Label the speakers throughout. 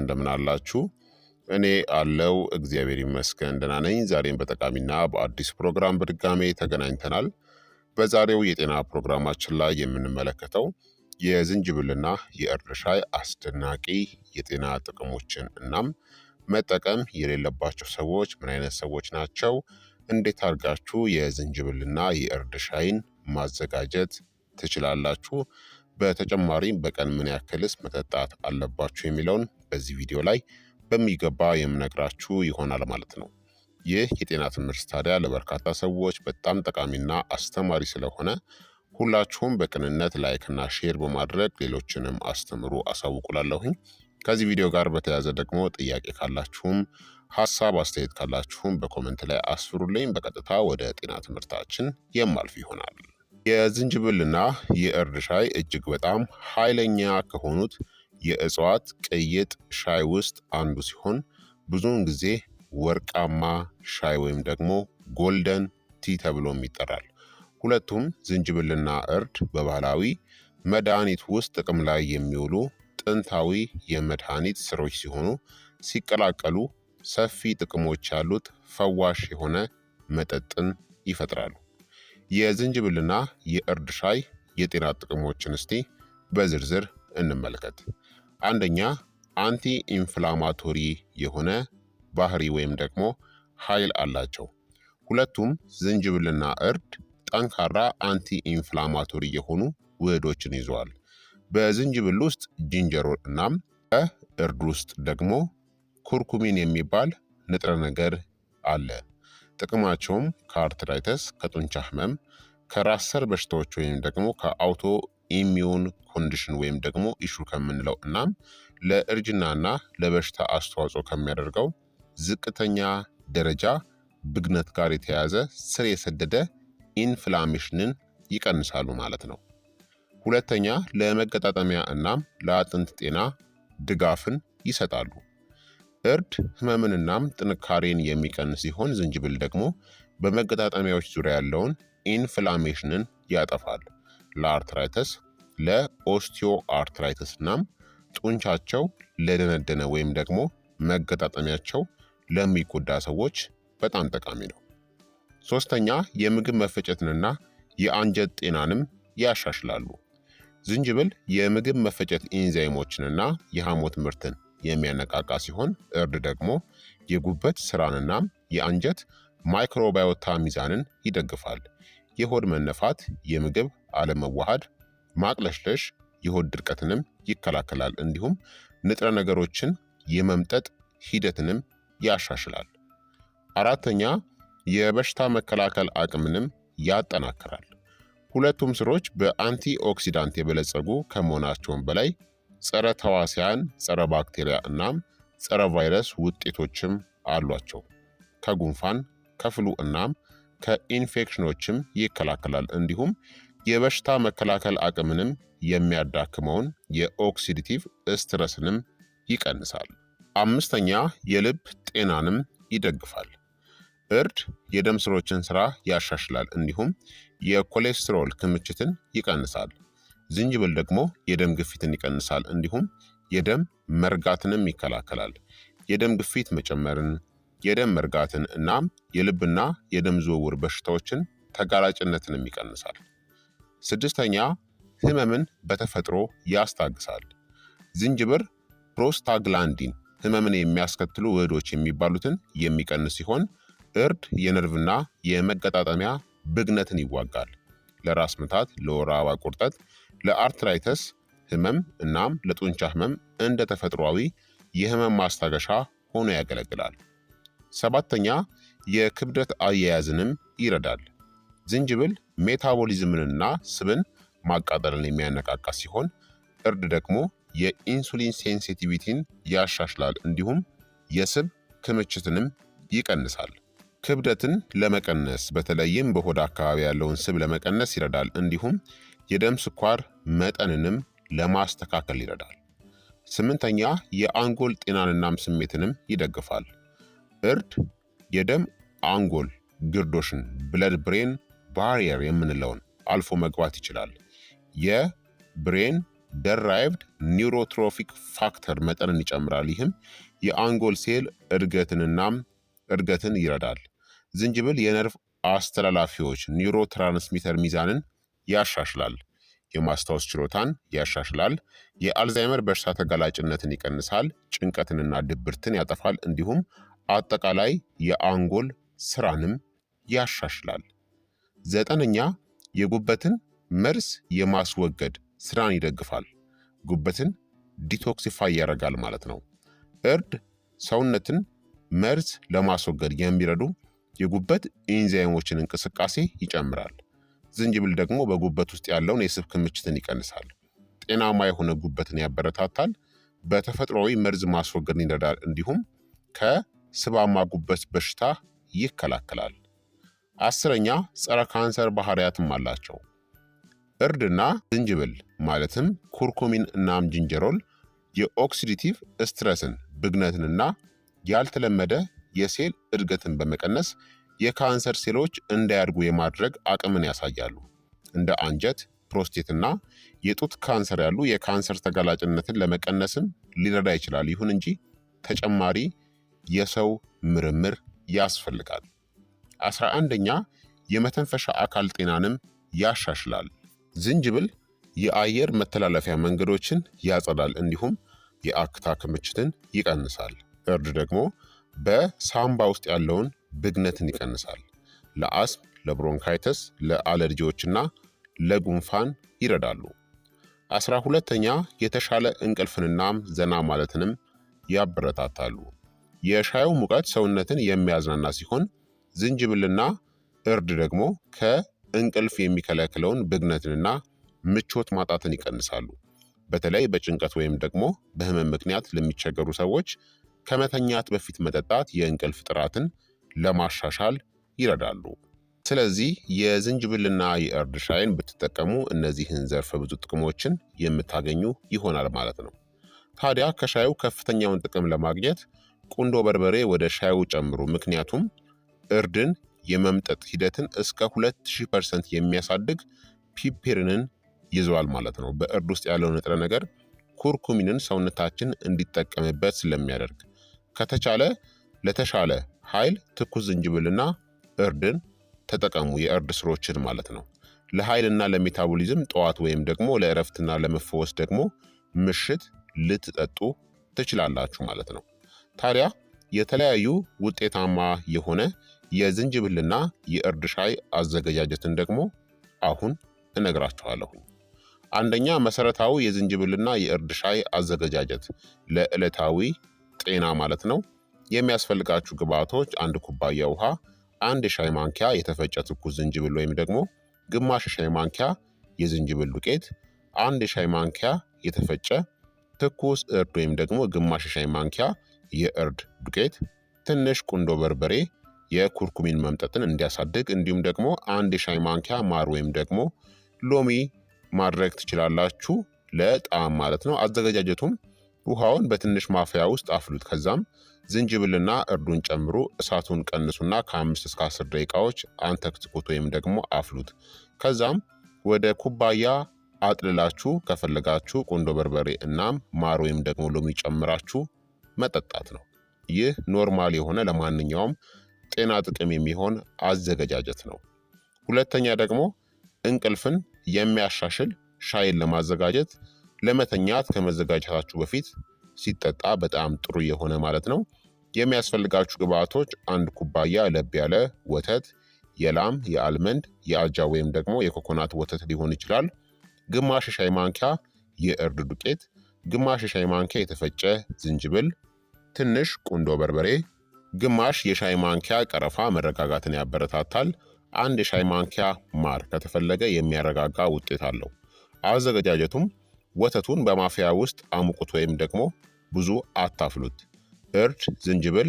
Speaker 1: እንደምን አላችሁ? እኔ አለው እግዚአብሔር ይመስገን ደህና ነኝ። ዛሬም በጠቃሚና በአዲስ ፕሮግራም በድጋሜ ተገናኝተናል። በዛሬው የጤና ፕሮግራማችን ላይ የምንመለከተው የዝንጅብልና የእርድ ሻይ አስደናቂ የጤና ጥቅሞችን እናም መጠቀም የሌለባቸው ሰዎች ምን አይነት ሰዎች ናቸው፣ እንዴት አድርጋችሁ የዝንጅብልና የእርድ ሻይን ማዘጋጀት ትችላላችሁ በተጨማሪም በቀን ምን ያክልስ መጠጣት አለባችሁ የሚለውን በዚህ ቪዲዮ ላይ በሚገባ የምነግራችሁ ይሆናል ማለት ነው። ይህ የጤና ትምህርት ታዲያ ለበርካታ ሰዎች በጣም ጠቃሚና አስተማሪ ስለሆነ ሁላችሁም በቅንነት ላይክና ሼር በማድረግ ሌሎችንም አስተምሩ አሳውቁላለሁኝ። ከዚህ ቪዲዮ ጋር በተያያዘ ደግሞ ጥያቄ ካላችሁም ሀሳብ አስተያየት ካላችሁም በኮመንት ላይ አስፍሩልኝ። በቀጥታ ወደ ጤና ትምህርታችን የማልፍ ይሆናል። የዝንጅብልና የእርድ ሻይ እጅግ በጣም ኃይለኛ ከሆኑት የእጽዋት ቅይጥ ሻይ ውስጥ አንዱ ሲሆን ብዙውን ጊዜ ወርቃማ ሻይ ወይም ደግሞ ጎልደን ቲ ተብሎም ይጠራል። ሁለቱም ዝንጅብልና እርድ በባህላዊ መድኃኒት ውስጥ ጥቅም ላይ የሚውሉ ጥንታዊ የመድኃኒት ስሮች ሲሆኑ ሲቀላቀሉ ሰፊ ጥቅሞች ያሉት ፈዋሽ የሆነ መጠጥን ይፈጥራሉ። የዝንጅብልና የእርድ ሻይ የጤና ጥቅሞችን እስቲ በዝርዝር እንመልከት። አንደኛ አንቲ ኢንፍላማቶሪ የሆነ ባህሪ ወይም ደግሞ ኃይል አላቸው። ሁለቱም ዝንጅብልና እርድ ጠንካራ አንቲ ኢንፍላማቶሪ የሆኑ ውህዶችን ይዘዋል። በዝንጅብል ውስጥ ጂንጀሮል እናም እርድ ውስጥ ደግሞ ኩርኩሚን የሚባል ንጥረ ነገር አለ። ጥቅማቸውም ከአርትራይተስ፣ ከጡንቻ ህመም፣ ከራስ ሰር በሽታዎች ወይም ደግሞ ከአውቶ ኢሚዩን ኮንዲሽን ወይም ደግሞ ኢሹ ከምንለው እናም ለእርጅናና ለበሽታ አስተዋጽኦ ከሚያደርገው ዝቅተኛ ደረጃ ብግነት ጋር የተያያዘ ስር የሰደደ ኢንፍላሜሽንን ይቀንሳሉ ማለት ነው። ሁለተኛ ለመገጣጠሚያ እናም ለአጥንት ጤና ድጋፍን ይሰጣሉ። እርድ ህመምንናም ጥንካሬን የሚቀንስ ሲሆን ዝንጅብል ደግሞ በመገጣጠሚያዎች ዙሪያ ያለውን ኢንፍላሜሽንን ያጠፋል። ለአርትራይተስ፣ ለኦስቲዮ አርትራይተስ እናም ጡንቻቸው ለደነደነ ወይም ደግሞ መገጣጠሚያቸው ለሚጎዳ ሰዎች በጣም ጠቃሚ ነው። ሶስተኛ የምግብ መፈጨትንና የአንጀት ጤናንም ያሻሽላሉ። ዝንጅብል የምግብ መፈጨት ኢንዛይሞችንና የሐሞት ምርትን የሚያነቃቃ ሲሆን እርድ ደግሞ የጉበት ስራንና የአንጀት ማይክሮባዮታ ሚዛንን ይደግፋል። የሆድ መነፋት፣ የምግብ አለመዋሃድ፣ ማቅለሽለሽ፣ የሆድ ድርቀትንም ይከላከላል። እንዲሁም ንጥረ ነገሮችን የመምጠጥ ሂደትንም ያሻሽላል። አራተኛ የበሽታ መከላከል አቅምንም ያጠናክራል። ሁለቱም ስሮች በአንቲ ኦክሲዳንት የበለጸጉ ከመሆናቸውም በላይ ጸረ ተዋሲያን፣ ጸረ ባክቴሪያ እናም ጸረ ቫይረስ ውጤቶችም አሏቸው። ከጉንፋን ከፍሉ እናም ከኢንፌክሽኖችም ይከላከላል። እንዲሁም የበሽታ መከላከል አቅምንም የሚያዳክመውን የኦክሲዲቲቭ ስትረስንም ይቀንሳል። አምስተኛ የልብ ጤናንም ይደግፋል። እርድ የደም ስሮችን ስራ ያሻሽላል፣ እንዲሁም የኮሌስትሮል ክምችትን ይቀንሳል። ዝንጅብል ደግሞ የደም ግፊትን ይቀንሳል፣ እንዲሁም የደም መርጋትንም ይከላከላል። የደም ግፊት መጨመርን፣ የደም መርጋትን እናም የልብና የደም ዝውውር በሽታዎችን ተጋላጭነትንም ይቀንሳል። ስድስተኛ ህመምን በተፈጥሮ ያስታግሳል። ዝንጅብር ፕሮስታግላንዲን ህመምን የሚያስከትሉ ውህዶች የሚባሉትን የሚቀንስ ሲሆን እርድ የነርቭና የመገጣጠሚያ ብግነትን ይዋጋል። ለራስ ምታት፣ ለወር አበባ ቁርጠት፣ ለአርትራይተስ ህመም እናም ለጡንቻ ህመም እንደ ተፈጥሯዊ የህመም ማስታገሻ ሆኖ ያገለግላል። ሰባተኛ የክብደት አያያዝንም ይረዳል። ዝንጅብል ሜታቦሊዝምንና ስብን ማቃጠልን የሚያነቃቃ ሲሆን እርድ ደግሞ የኢንሱሊን ሴንሲቲቪቲን ያሻሽላል፣ እንዲሁም የስብ ክምችትንም ይቀንሳል። ክብደትን ለመቀነስ በተለይም በሆድ አካባቢ ያለውን ስብ ለመቀነስ ይረዳል። እንዲሁም የደም ስኳር መጠንንም ለማስተካከል ይረዳል። ስምንተኛ የአንጎል ጤናንናም ስሜትንም ይደግፋል። እርድ የደም አንጎል ግርዶሽን ብለድ ብሬን ባሪየር የምንለውን አልፎ መግባት ይችላል። የብሬን ደራይቭድ ኒውሮትሮፊክ ፋክተር መጠንን ይጨምራል። ይህም የአንጎል ሴል እድገትንናም እድገትን ይረዳል። ዝንጅብል የነርቭ አስተላላፊዎች ኒውሮ ትራንስሚተር ሚዛንን ያሻሽላል። የማስታወስ ችሎታን ያሻሽላል። የአልዛይመር በሽታ ተጋላጭነትን ይቀንሳል። ጭንቀትንና ድብርትን ያጠፋል። እንዲሁም አጠቃላይ የአንጎል ስራንም ያሻሽላል። ዘጠነኛ የጉበትን መርዝ የማስወገድ ስራን ይደግፋል። ጉበትን ዲቶክሲፋይ ያደርጋል ማለት ነው። እርድ ሰውነትን መርዝ ለማስወገድ የሚረዱ የጉበት ኢንዛይሞችን እንቅስቃሴ ይጨምራል። ዝንጅብል ደግሞ በጉበት ውስጥ ያለውን የስብ ክምችትን ይቀንሳል። ጤናማ የሆነ ጉበትን ያበረታታል። በተፈጥሯዊ መርዝ ማስወገድን ይረዳል። እንዲሁም ከስባማ ጉበት በሽታ ይከላከላል። አስረኛ ጸረ ካንሰር ባህሪያትም አላቸው። እርድና ዝንጅብል ማለትም ኩርኩሚን እናም ጅንጀሮል የኦክሲዲቲቭ ስትረስን ብግነትንና ያልተለመደ የሴል እድገትን በመቀነስ የካንሰር ሴሎች እንዳያድጉ የማድረግ አቅምን ያሳያሉ። እንደ አንጀት፣ ፕሮስቴትና የጡት ካንሰር ያሉ የካንሰር ተጋላጭነትን ለመቀነስም ሊረዳ ይችላል። ይሁን እንጂ ተጨማሪ የሰው ምርምር ያስፈልጋል። አስራ አንደኛ የመተንፈሻ አካል ጤናንም ያሻሽላል። ዝንጅብል የአየር መተላለፊያ መንገዶችን ያጸዳል፣ እንዲሁም የአክታ ክምችትን ይቀንሳል። እርድ ደግሞ በሳምባ ውስጥ ያለውን ብግነትን ይቀንሳል። ለአስም፣ ለብሮንካይተስ፣ ለአለርጂዎችና ለጉንፋን ይረዳሉ። አስራ ሁለተኛ የተሻለ እንቅልፍንናም ዘና ማለትንም ያበረታታሉ። የሻዩ ሙቀት ሰውነትን የሚያዝናና ሲሆን ዝንጅብልና እርድ ደግሞ ከእንቅልፍ የሚከለክለውን ብግነትንና ምቾት ማጣትን ይቀንሳሉ። በተለይ በጭንቀት ወይም ደግሞ በህመም ምክንያት ለሚቸገሩ ሰዎች ከመተኛት በፊት መጠጣት የእንቅልፍ ጥራትን ለማሻሻል ይረዳሉ። ስለዚህ የዝንጅብልና የእርድ ሻይን ብትጠቀሙ እነዚህን ዘርፈ ብዙ ጥቅሞችን የምታገኙ ይሆናል ማለት ነው። ታዲያ ከሻዩ ከፍተኛውን ጥቅም ለማግኘት ቁንዶ በርበሬ ወደ ሻዩ ጨምሩ። ምክንያቱም እርድን የመምጠጥ ሂደትን እስከ 2000 ፐርሰንት የሚያሳድግ ፒፔርንን ይዘዋል ማለት ነው። በእርድ ውስጥ ያለው ንጥረ ነገር ኩርኩሚንን ሰውነታችን እንዲጠቀምበት ስለሚያደርግ ከተቻለ ለተሻለ ኃይል ትኩስ ዝንጅብልና እርድን ተጠቀሙ። የእርድ ስሮችን ማለት ነው። ለኃይልና ለሜታቦሊዝም ጠዋት ወይም ደግሞ ለእረፍትና ለመፈወስ ደግሞ ምሽት ልትጠጡ ትችላላችሁ ማለት ነው። ታዲያ የተለያዩ ውጤታማ የሆነ የዝንጅብልና የእርድ ሻይ አዘገጃጀትን ደግሞ አሁን እነግራችኋለሁኝ። አንደኛ መሰረታዊ የዝንጅብልና የእርድ ሻይ አዘገጃጀት ለዕለታዊ ጤና ማለት ነው። የሚያስፈልጋችሁ ግብዓቶች አንድ ኩባያ ውሃ፣ አንድ የሻይ ማንኪያ የተፈጨ ትኩስ ዝንጅብል ወይም ደግሞ ግማሽ የሻይ ማንኪያ የዝንጅብል ዱቄት፣ አንድ የሻይ ማንኪያ የተፈጨ ትኩስ እርድ ወይም ደግሞ ግማሽ የሻይ ማንኪያ የእርድ ዱቄት፣ ትንሽ ቁንዶ በርበሬ የኩርኩሚን መምጠጥን እንዲያሳድግ እንዲሁም ደግሞ አንድ የሻይ ማንኪያ ማር ወይም ደግሞ ሎሚ ማድረግ ትችላላችሁ። ለጣዕም ማለት ነው። አዘገጃጀቱም ውሃውን በትንሽ ማፍያ ውስጥ አፍሉት። ከዛም ዝንጅብልና እርዱን ጨምሮ እሳቱን ቀንሱና ከአምስት እስከ 10 ደቂቃዎች አንተክትኩት ወይም ደግሞ አፍሉት። ከዛም ወደ ኩባያ አጥልላችሁ ከፈለጋችሁ ቁንዶ በርበሬ እናም ማር ወይም ደግሞ ሎሚ ጨምራችሁ መጠጣት ነው። ይህ ኖርማል የሆነ ለማንኛውም ጤና ጥቅም የሚሆን አዘገጃጀት ነው። ሁለተኛ ደግሞ እንቅልፍን የሚያሻሽል ሻይን ለማዘጋጀት ለመተኛት ከመዘጋጀታችሁ በፊት ሲጠጣ በጣም ጥሩ የሆነ ማለት ነው። የሚያስፈልጋችሁ ግብአቶች አንድ ኩባያ ለብ ያለ ወተት፣ የላም፣ የአልመንድ፣ የአጃ ወይም ደግሞ የኮኮናት ወተት ሊሆን ይችላል። ግማሽ ሻይ ማንኪያ የእርድ ዱቄት፣ ግማሽ ሻይ ማንኪያ የተፈጨ ዝንጅብል፣ ትንሽ ቁንዶ በርበሬ፣ ግማሽ የሻይ ማንኪያ ቀረፋ መረጋጋትን ያበረታታል። አንድ የሻይ ማንኪያ ማር ከተፈለገ የሚያረጋጋ ውጤት አለው። አዘገጃጀቱም ወተቱን በማፍያ ውስጥ አሙቁት ወይም ደግሞ ብዙ አታፍሉት። እርድ፣ ዝንጅብል፣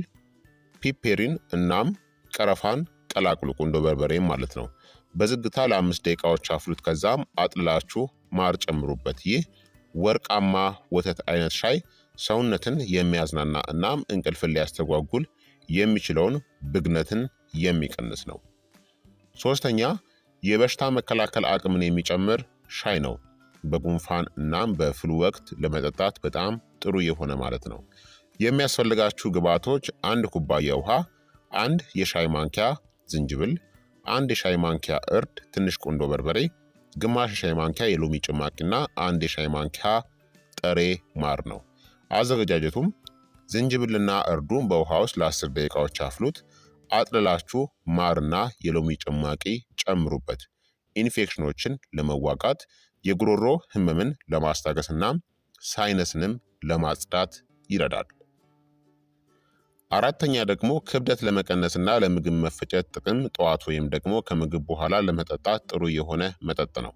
Speaker 1: ፒፔሪን እናም ቀረፋን ቀላቅሉ፣ ቁንዶ በርበሬም ማለት ነው። በዝግታ ለአምስት ደቂቃዎች አፍሉት። ከዛም አጥልላችሁ ማር ጨምሩበት። ይህ ወርቃማ ወተት አይነት ሻይ ሰውነትን የሚያዝናና እናም እንቅልፍን ሊያስተጓጉል የሚችለውን ብግነትን የሚቀንስ ነው። ሶስተኛ የበሽታ መከላከል አቅምን የሚጨምር ሻይ ነው። በጉንፋን እናም በፍሉ ወቅት ለመጠጣት በጣም ጥሩ የሆነ ማለት ነው። የሚያስፈልጋችሁ ግብዓቶች አንድ ኩባያ ውሃ፣ አንድ የሻይ ማንኪያ ዝንጅብል፣ አንድ የሻይ ማንኪያ እርድ፣ ትንሽ ቁንዶ በርበሬ፣ ግማሽ የሻይ ማንኪያ የሎሚ ጭማቂና አንድ የሻይ ማንኪያ ጠሬ ማር ነው። አዘገጃጀቱም ዝንጅብልና እርዱን በውሃ ውስጥ ለአስር ደቂቃዎች አፍሉት። አጥልላችሁ ማርና የሎሚ ጭማቂ ጨምሩበት። ኢንፌክሽኖችን ለመዋጋት የጉሮሮ ህመምን ለማስታገስና ሳይነስንም ለማጽዳት ይረዳል። አራተኛ ደግሞ ክብደት ለመቀነስና ለምግብ መፈጨት ጥቅም ጠዋት ወይም ደግሞ ከምግብ በኋላ ለመጠጣት ጥሩ የሆነ መጠጥ ነው።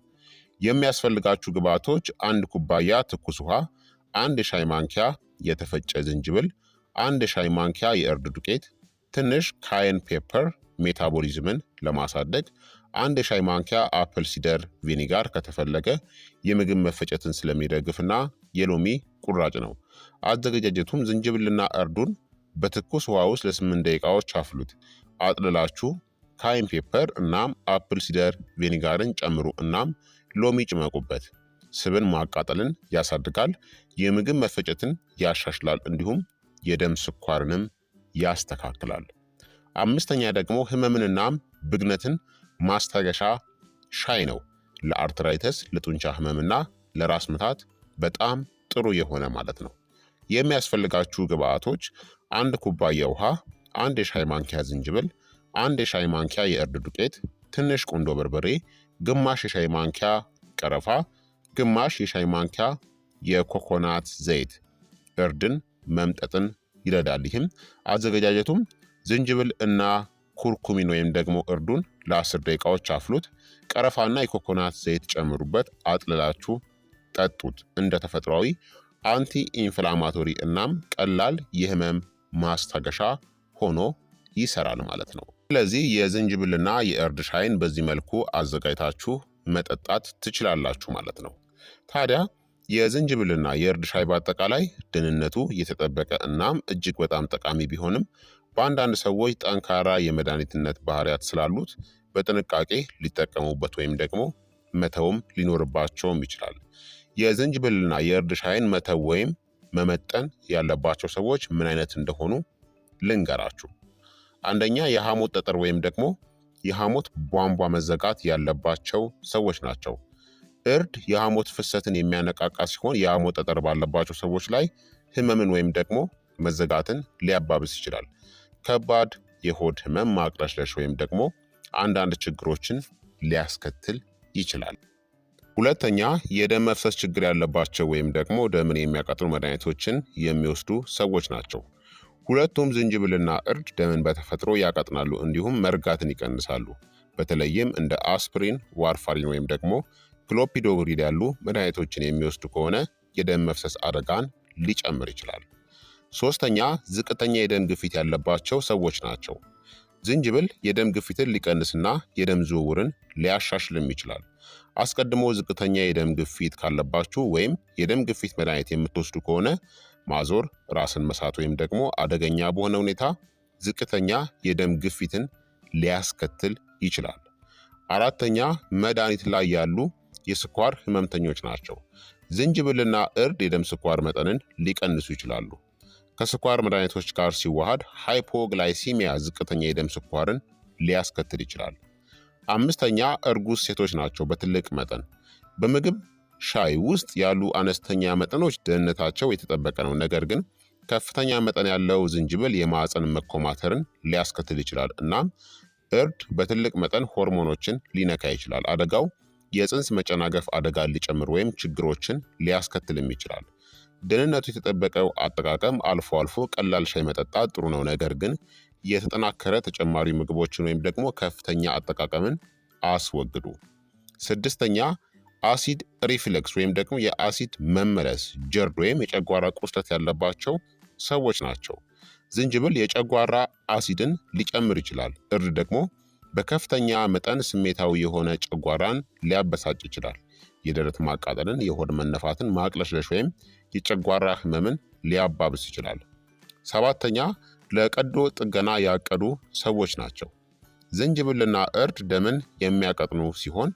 Speaker 1: የሚያስፈልጋችሁ ግብዓቶች አንድ ኩባያ ትኩስ ውሃ፣ አንድ የሻይ ማንኪያ የተፈጨ ዝንጅብል፣ አንድ የሻይ ማንኪያ የእርድ ዱቄት፣ ትንሽ ካየን ፔፐር ሜታቦሊዝምን ለማሳደግ አንድ የሻይ ማንኪያ አፕል ሲደር ቪኒጋር ከተፈለገ የምግብ መፈጨትን ስለሚደግፍና የሎሚ ቁራጭ ነው። አዘገጃጀቱም ዝንጅብልና እርዱን በትኩስ ውሃ ውስጥ ለስምንት ደቂቃዎች አፍሉት። አጥልላችሁ ካይም ፔፐር እናም አፕል ሲደር ቪኒጋርን ጨምሩ። እናም ሎሚ ጭመቁበት። ስብን ማቃጠልን ያሳድጋል፣ የምግብ መፈጨትን ያሻሽላል፣ እንዲሁም የደም ስኳርንም ያስተካክላል። አምስተኛ ደግሞ ህመምንናም ብግነትን ማስታገሻ ሻይ ነው። ለአርትራይተስ፣ ለጡንቻ ህመምና ለራስ ምታት በጣም ጥሩ የሆነ ማለት ነው። የሚያስፈልጋችሁ ግብአቶች አንድ ኩባያ ውሃ፣ አንድ የሻይ ማንኪያ ዝንጅብል፣ አንድ የሻይ ማንኪያ የእርድ ዱቄት፣ ትንሽ ቁንዶ በርበሬ፣ ግማሽ የሻይ ማንኪያ ቀረፋ፣ ግማሽ የሻይ ማንኪያ የኮኮናት ዘይት እርድን መምጠጥን ይረዳል። ይህም አዘገጃጀቱም ዝንጅብል እና ኩርኩሚን ወይም ደግሞ እርዱን ለአስር ደቂቃዎች አፍሉት። ቀረፋና የኮኮናት ዘይት ጨምሩበት። አጥልላችሁ ጠጡት። እንደ ተፈጥሯዊ አንቲ ኢንፍላማቶሪ እናም ቀላል የህመም ማስታገሻ ሆኖ ይሰራል ማለት ነው። ስለዚህ የዝንጅብልና የእርድ ሻይን በዚህ መልኩ አዘጋጅታችሁ መጠጣት ትችላላችሁ ማለት ነው። ታዲያ የዝንጅብልና የእርድ ሻይ በአጠቃላይ ደህንነቱ የተጠበቀ እናም እጅግ በጣም ጠቃሚ ቢሆንም በአንዳንድ ሰዎች ጠንካራ የመድኃኒትነት ባህሪያት ስላሉት በጥንቃቄ ሊጠቀሙበት ወይም ደግሞ መተውም ሊኖርባቸውም ይችላል። የዝንጅብልና የእርድ ሻይን መተው ወይም መመጠን ያለባቸው ሰዎች ምን አይነት እንደሆኑ ልንገራችሁ። አንደኛ የሐሞት ጠጠር ወይም ደግሞ የሐሞት ቧንቧ መዘጋት ያለባቸው ሰዎች ናቸው። እርድ የሐሞት ፍሰትን የሚያነቃቃ ሲሆን የሐሞት ጠጠር ባለባቸው ሰዎች ላይ ህመምን ወይም ደግሞ መዘጋትን ሊያባብስ ይችላል። ከባድ የሆድ ህመም፣ ማቅለሽለሽ ወይም ደግሞ አንዳንድ ችግሮችን ሊያስከትል ይችላል። ሁለተኛ የደም መፍሰስ ችግር ያለባቸው ወይም ደግሞ ደምን የሚያቃጥሉ መድኃኒቶችን የሚወስዱ ሰዎች ናቸው። ሁለቱም ዝንጅብልና እርድ ደምን በተፈጥሮ ያቀጥናሉ፣ እንዲሁም መርጋትን ይቀንሳሉ። በተለይም እንደ አስፕሪን፣ ዋርፋሪን ወይም ደግሞ ክሎፒዶግሪድ ያሉ መድኃኒቶችን የሚወስዱ ከሆነ የደም መፍሰስ አደጋን ሊጨምር ይችላል። ሶስተኛ ዝቅተኛ የደም ግፊት ያለባቸው ሰዎች ናቸው። ዝንጅብል የደም ግፊትን ሊቀንስና የደም ዝውውርን ሊያሻሽልም ይችላል። አስቀድሞ ዝቅተኛ የደም ግፊት ካለባችሁ ወይም የደም ግፊት መድኃኒት የምትወስዱ ከሆነ ማዞር፣ ራስን መሳት ወይም ደግሞ አደገኛ በሆነ ሁኔታ ዝቅተኛ የደም ግፊትን ሊያስከትል ይችላል። አራተኛ መድኃኒት ላይ ያሉ የስኳር ህመምተኞች ናቸው። ዝንጅብልና እርድ የደም ስኳር መጠንን ሊቀንሱ ይችላሉ። ከስኳር መድኃኒቶች ጋር ሲዋሃድ ሃይፖግላይሲሚያ ዝቅተኛ የደም ስኳርን ሊያስከትል ይችላል። አምስተኛ እርጉዝ ሴቶች ናቸው። በትልቅ መጠን በምግብ ሻይ ውስጥ ያሉ አነስተኛ መጠኖች ደህንነታቸው የተጠበቀ ነው፣ ነገር ግን ከፍተኛ መጠን ያለው ዝንጅብል የማዕፀን መኮማተርን ሊያስከትል ይችላል። እናም እርድ በትልቅ መጠን ሆርሞኖችን ሊነካ ይችላል። አደጋው የፅንስ መጨናገፍ አደጋ ሊጨምር ወይም ችግሮችን ሊያስከትልም ይችላል። ደህንነቱ የተጠበቀው አጠቃቀም አልፎ አልፎ ቀላል ሻይ መጠጣት ጥሩ ነው። ነገር ግን የተጠናከረ ተጨማሪ ምግቦችን ወይም ደግሞ ከፍተኛ አጠቃቀምን አስወግዱ። ስድስተኛ አሲድ ሪፍሌክስ ወይም ደግሞ የአሲድ መመለስ ጀርድ ወይም የጨጓራ ቁስለት ያለባቸው ሰዎች ናቸው። ዝንጅብል የጨጓራ አሲድን ሊጨምር ይችላል። እርድ ደግሞ በከፍተኛ መጠን ስሜታዊ የሆነ ጨጓራን ሊያበሳጭ ይችላል። የደረት ማቃጠልን፣ የሆድ መነፋትን፣ ማቅለሽለሽ ወይም የጨጓራ ህመምን ሊያባብስ ይችላል። ሰባተኛ ለቀዶ ጥገና ያቀዱ ሰዎች ናቸው። ዝንጅብልና እርድ ደምን የሚያቀጥኑ ሲሆን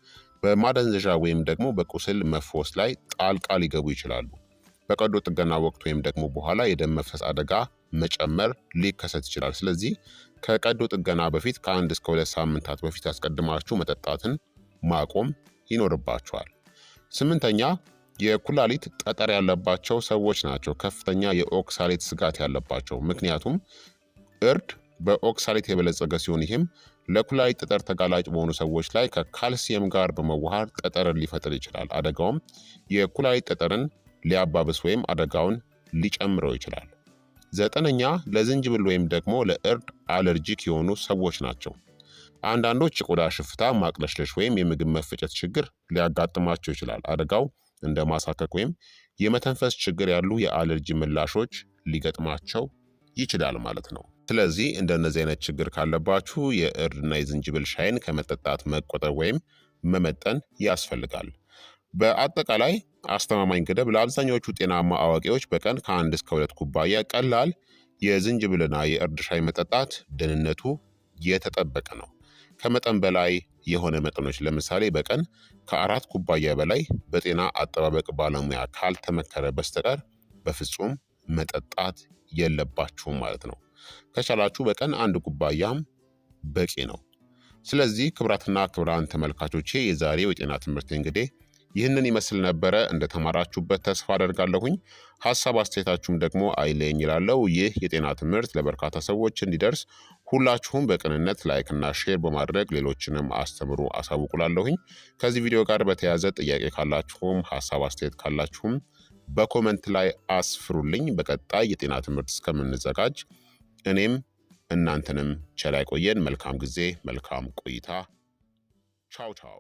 Speaker 1: በማደንዘዣ ወይም ደግሞ በቁስል መፎስ ላይ ጣልቃ ሊገቡ ይችላሉ። በቀዶ ጥገና ወቅት ወይም ደግሞ በኋላ የደም መፍሰስ አደጋ መጨመር ሊከሰት ይችላል። ስለዚህ ከቀዶ ጥገና በፊት ከአንድ እስከ ሁለት ሳምንታት በፊት አስቀድማችሁ መጠጣትን ማቆም ይኖርባችኋል። ስምንተኛ የኩላሊት ጠጠር ያለባቸው ሰዎች ናቸው ከፍተኛ የኦክሳሌት ስጋት ያለባቸው። ምክንያቱም እርድ በኦክሳሌት የበለጸገ ሲሆን ይህም ለኩላሊት ጠጠር ተጋላጭ በሆኑ ሰዎች ላይ ከካልሲየም ጋር በመዋሃድ ጠጠርን ሊፈጥር ይችላል። አደጋውም የኩላሊት ጠጠርን ሊያባብስ ወይም አደጋውን ሊጨምረው ይችላል። ዘጠነኛ ለዝንጅብል ወይም ደግሞ ለእርድ አለርጂክ የሆኑ ሰዎች ናቸው። አንዳንዶች የቆዳ ሽፍታ፣ ማቅለሽለሽ ወይም የምግብ መፈጨት ችግር ሊያጋጥማቸው ይችላል። አደጋው እንደ ማሳከክ ወይም የመተንፈስ ችግር ያሉ የአለርጂ ምላሾች ሊገጥማቸው ይችላል ማለት ነው። ስለዚህ እንደነዚህ አይነት ችግር ካለባችሁ የእርድና የዝንጅብል ሻይን ከመጠጣት መቆጠብ ወይም መመጠን ያስፈልጋል። በአጠቃላይ አስተማማኝ ገደብ ለአብዛኛዎቹ ጤናማ አዋቂዎች በቀን ከአንድ እስከ ሁለት ኩባያ ቀላል የዝንጅብልና የእርድ ሻይ መጠጣት ደህንነቱ የተጠበቀ ነው። ከመጠን በላይ የሆነ መጠኖች ለምሳሌ በቀን ከአራት ኩባያ በላይ በጤና አጠባበቅ ባለሙያ ካልተመከረ በስተቀር በፍጹም መጠጣት የለባችሁም ማለት ነው። ከቻላችሁ በቀን አንድ ኩባያም በቂ ነው። ስለዚህ ክብራትና ክብራን ተመልካቾቼ የዛሬው የጤና ትምህርት እንግዲህ ይህንን ይመስል ነበረ። እንደተማራችሁበት ተስፋ አደርጋለሁኝ። ሀሳብ አስተያየታችሁም ደግሞ አይለኝ ይላለው። ይህ የጤና ትምህርት ለበርካታ ሰዎች እንዲደርስ ሁላችሁም በቅንነት እና ሼር በማድረግ ሌሎችንም አስተምሩ አሳውቁላለሁኝ። ከዚህ ቪዲዮ ጋር በተያያዘ ጥያቄ ካላችሁም ሀሳብ አስተያየት ካላችሁም በኮመንት ላይ አስፍሩልኝ። በቀጣይ የጤና ትምህርት እስከምንዘጋጅ እኔም እናንተንም ቸር ያቆየን። መልካም ጊዜ፣ መልካም ቆይታ። ቻው ቻው